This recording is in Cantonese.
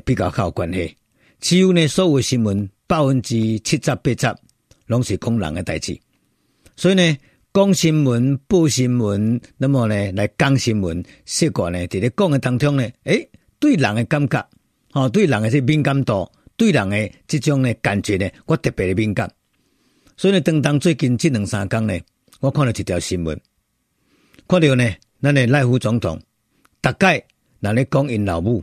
比較靠關係，只有呢所有新聞百分之七十八十攏是講人的代志。所以呢講新聞報新聞，那麼呢來講新聞，習慣呢佇咧講的當中呢，誒、欸、對人的感覺，哦對人的啲敏感度，對人的即種呢感覺呢，我特別的敏感。所以呢，當當最近呢兩三工呢，我看到一條新聞，看到呢，咱的賴副總統，大概嗱咧講因老母。